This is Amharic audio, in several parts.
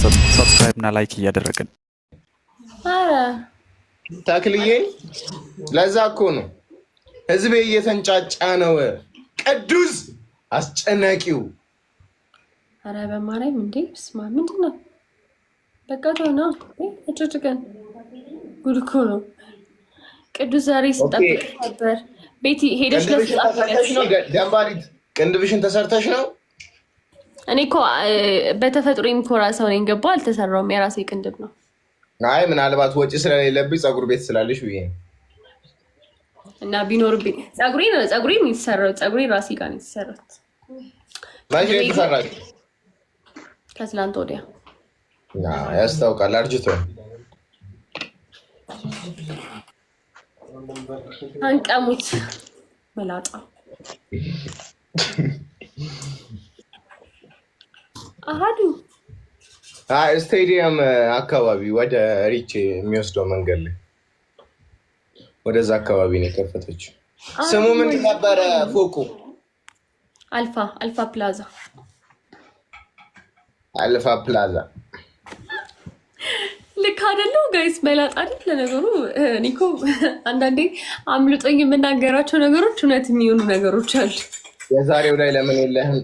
ሰብስክራይብ እና ላይክ እያደረግን ተክልዬ፣ ለዛ እኮ ነው ህዝቤ እየተንጫጫ ነው። ቅዱስ አስጨናቂው አረ በማርያም እንዴ! ስማ ምንድን ነው? በቃ ተው ነው እጭጭቀን ጉድ እኮ ነው። ቅዱስ ዛሬ ስጠብቅ ነበር ቤት ሄደሽ ለስጣ ደንባሪት ቅንድብሽን ተሰርተሽ ነው እኔ እኮ በተፈጥሮ የሚኮራ ሰው ነኝ። ገባሁ። አልተሰራውም። የራሴ ቅንድብ ነው። አይ ምናልባት ወጪ ስለሌለብኝ ፀጉር ቤት ስላለሽ ብዬ እና ቢኖርብኝ ፀጉሬ ፀጉሬ የሚሰራው ፀጉሬ ራሴ ጋር ነው የተሰራት። መቼ የተሰራች? ከትላንት ወዲያ። ያስታውቃል። አርጅቶ አንቀሙት መላጣ አሃዱ ስቴዲየም አካባቢ ወደ ሪች የሚወስደው መንገድ ላይ ወደዛ አካባቢ ነው የከፈተች ስሙ ምንድን ነበረ ፎቁ? አልፋ አልፋ ፕላዛ አልፋ ፕላዛ። ልክ አይደለው ጋይስ? መላጣ አይደል? ለነገሩ እኔ እኮ አንዳንዴ አምልጦኝ የምናገራቸው ነገሮች እውነት የሚሆኑ ነገሮች አሉ። የዛሬው ላይ ለምን የለህም?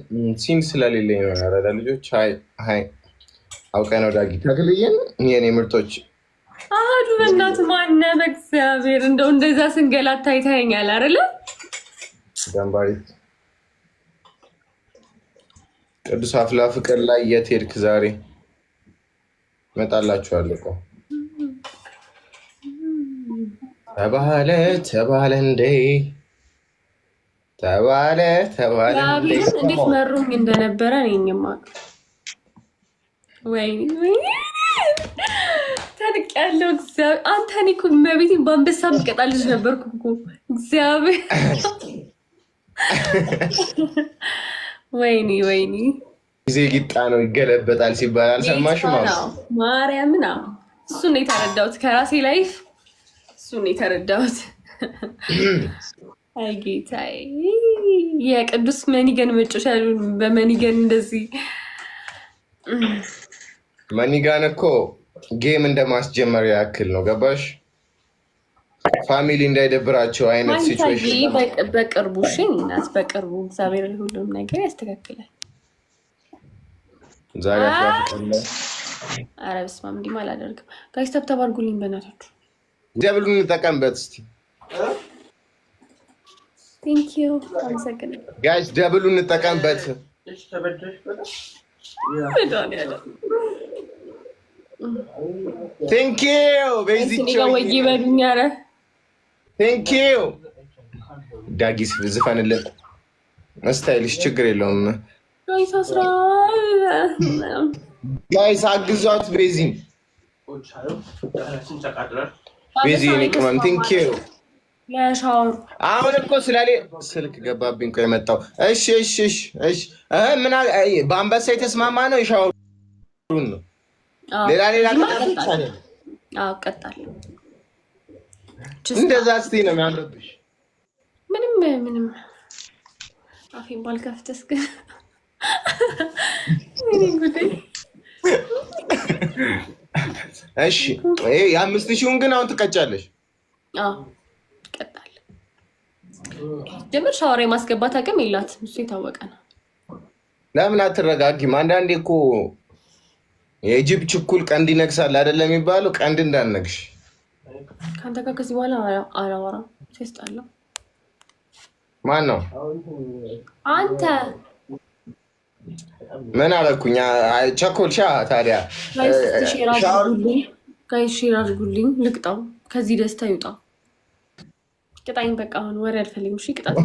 ሲን ስለሌለኝ ነው። ያረዳ ልጆች ሀይ ሀይ አውቀ ነው ዳጊ ተክልዬን የኔ ምርቶች አህዱ በእናት ማነ በእግዚአብሔር እንደው እንደዛ ስንገላት ታይታየኛል አይደለ? ደንባሪት ቅዱስ አፍላ ፍቅር ላይ የት ሄድክ ዛሬ? እመጣላችኋለሁ እኮ ተባለ ተባለ እንዴ ተባለ ተባለ። እንዴት መሩኝ እንደነበረ እኔም ወይ ተንቅ ያለው እግዚአብሔር አንተ እኔ እኮ መቤቴን በአንበሳ ምቀጣ ልጅ ነበርኩ እኮ እግዚአብሔር። ወይኒ ወይኒ ጊዜ ጊጣ ነው ይገለበጣል ሲባል አልሰማሽም? ማርያምን እሱን ነው የተረዳሁት ከራሴ ላይፍ እሱን ነው የተረዳሁት። አይ ጌታዬ፣ የቅዱስ መኒገን መጮሻ በመኒገን እንደዚህ መኒጋን እኮ ጌም እንደማስጀመር ያክል ነው። ገባሽ? ፋሚሊ እንዳይደብራቸው አይነት ሲቹዌሽን በቅርቡ እሺ፣ እናት በቅርቡ እግዚአብሔር ሁሉም ነገር ያስተካክላል። ዛሬ ኧረ በስመ አብ እንዲህ አላደርግም። ጋሽ ተብተብ አድርጉልኝ በእናታችሁ። እግዚአብሔር እንጠቀምበት እስኪ ቴንክ ዩ አመሰግናለሁ። ጋይስ ደብሉ እንጠቀምበት። ቴንክ ዩ ቤዚቸው ይበሉኛል። ቴንክ ዩ ዳጊስ ዝፈንለት ስታይልሽ ችግር የለውም። ጋይስ አግዟት ቤዚን ቤዚ ቅመም ቴንክ ዩ ለሻወሩ አሁን እኮ ስላሌ ስልክ ገባብኝ እኮ የመጣው። እሺ እሺ እሺ እሺ ምን በአንበሳ የተስማማ ነው የሻወሩን ነው። ሌላ ሌላ ቀጣል እንደዛ ስትይ ነው የሚያምርብሽ። ምንም ምንም አፌን ባልከፍተስ ግን እሺ የአምስት ሺውን ግን አሁን ትቀጫለሽ። ጀምር ሻወር የማስገባት አቅም የላት እሱ የታወቀ ነው። ለምን አትረጋጊም? አንዳንዴ እኮ የጅብ ችኩል ቀንድ ይነግሳል አይደለም የሚባለው። ቀንድ እንዳነግሽ ከአንተ ጋር ከዚህ በኋላ አላወራም። ሴስጣለሁ። ማን ነው አንተ? ምን ቸኮል ቸኮልሻ ታዲያ ሼር አድርጉልኝ፣ ልቅጣው። ከዚህ ደስታ ይውጣ። ቅጣኝ በቃ አሁን ወሬ አልፈልግም። እሺ ቅጣት ሌላ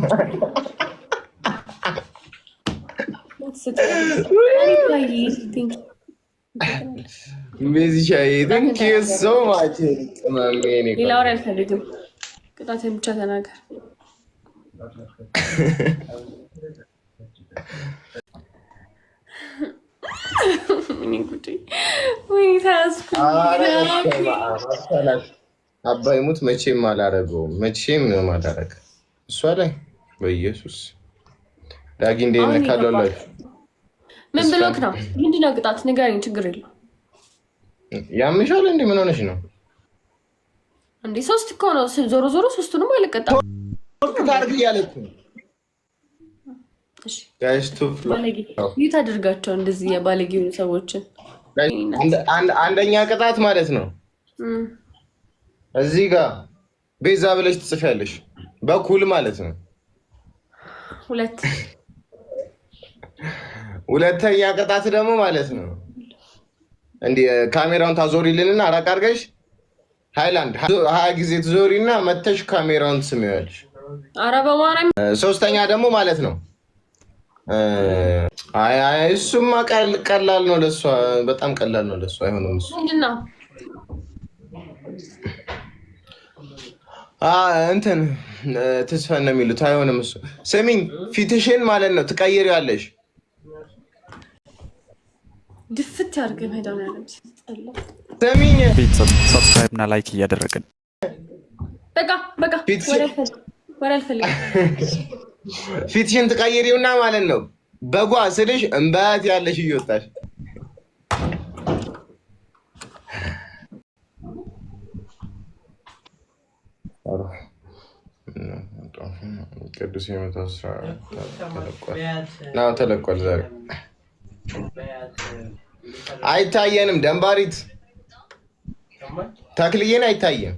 ወሬ አልፈልግም። ቅጣት ብቻ ተናገር። ወይኔ ጉዴ! ወይኔ ታስኩ አባይ ሙት መቼም አላረገውም። መቼም ነው ማላረግ እሷ ላይ በኢየሱስ ዳጊ እንደ ካለላችሁ ምን ብሎክ ነው? ምንድነው ቅጣት ንገሪኝ። ችግር የለው ያምሻል እንዴ? ምን ሆነሽ ነው እንዴ? ሶስት እኮ ነው። ዞሮ ዞሮ ሶስቱንም አልቀጣም። ታርግ ያለኩ ይት አድርጋቸው እንደዚህ የባለጌ ሰዎችን አንደኛ ቅጣት ማለት ነው እዚህ ጋር ቤዛ ብለሽ ትጽፊያለሽ። በኩል ማለት ነው። ሁለት ሁለተኛ ቅጣት ደግሞ ማለት ነው እንዲህ ካሜራውን ታዞሪልንና አራቅ አድርገሽ ሃይላንድ ሀያ ጊዜ ትዞሪና መተሽ ካሜራውን ትስሚያለሽ። ሶስተኛ ደግሞ ማለት ነው እሱማ ቀላል ነው ለሷ፣ በጣም ቀላል ነው ለሷ። አይሆንም እሱ እንትን ተስፋ ነው የሚሉት። አይሆንም። እሱ ስሚኝ፣ ፊትሽን ማለት ነው ትቀይሪያለሽ። ድፍት ያርገ ያድርግ። ስሚኝ፣ ሰብስክራይብ እና ላይክ እያደረግን በቃ በቃ ፊትሽን ትቀይሪውና ማለት ነው በጓ ስልሽ እንበት ያለሽ እየወጣሽ ቅዱስ የመቶ አስራ ተለቋል። ዛሬ አይታየንም። ደንባሪት ተክልዬን አይታየም።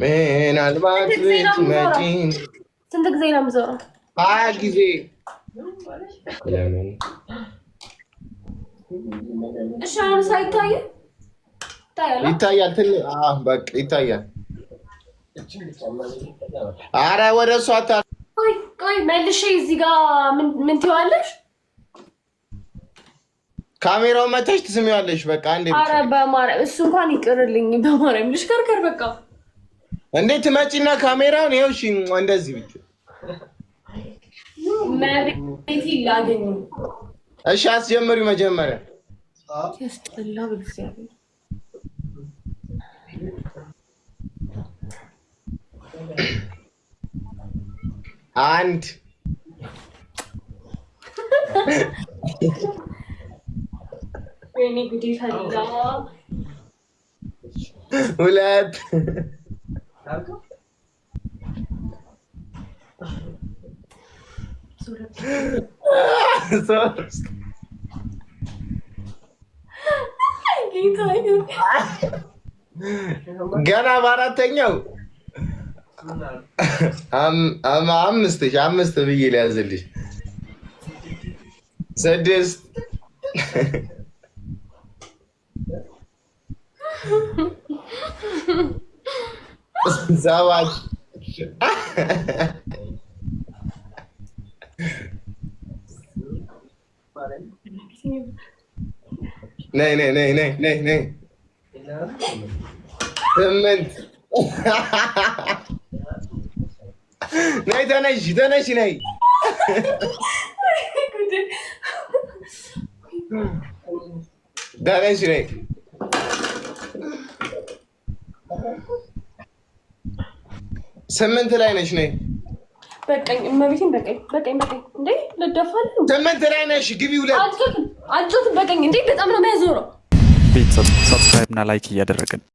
ምናልባት ቤት መጪ ስንት ጊዜ ነው የምዞረው? ሀያ ጊዜ ለምን እሺ፣ ሳይታይ ይታያል። በቃ ይታያል። አረ ወደ እሷ ታ ቆይ ቆይ መልሼ እዚህ ጋር ምን ትይዋለሽ? ካሜራው መተሽ ትስሚዋለሽ። በቃ እንዴ! አረ በማርያም እሱ እንኳን ይቅርልኝ። በማርያም ልሽከርከር በቃ እንዴት መጪና ካሜራውን ይኸው እሺ፣ እንደዚህ ብቻ መሬት ላገኝ። እሺ አስጀምሪው መጀመሪያ ያስጠላው እግዚአብሔር አንድ ሁለት ገና በአራተኛው አምስት አምስት ብዬ ሊያዝልሽ ስድስት ሰባት ነይ ነይ ነይ ነይ ነይ ነይ ስምንት ነይ ተነሽ ተነሽ ነይ ተነሽ ነይ ስምንት ላይ ነሽ ነይ በቃኝ እመቤቴን በቃኝ በቃኝ በቃኝ እንዴ ልደፋል ስምንት ላይ ነሽ ግቢ ሁለት በቀኝ እንዴ! በጣም ነው የሚያዞረው። ቤት ሰብስክራይብ እና ላይክ እያደረግን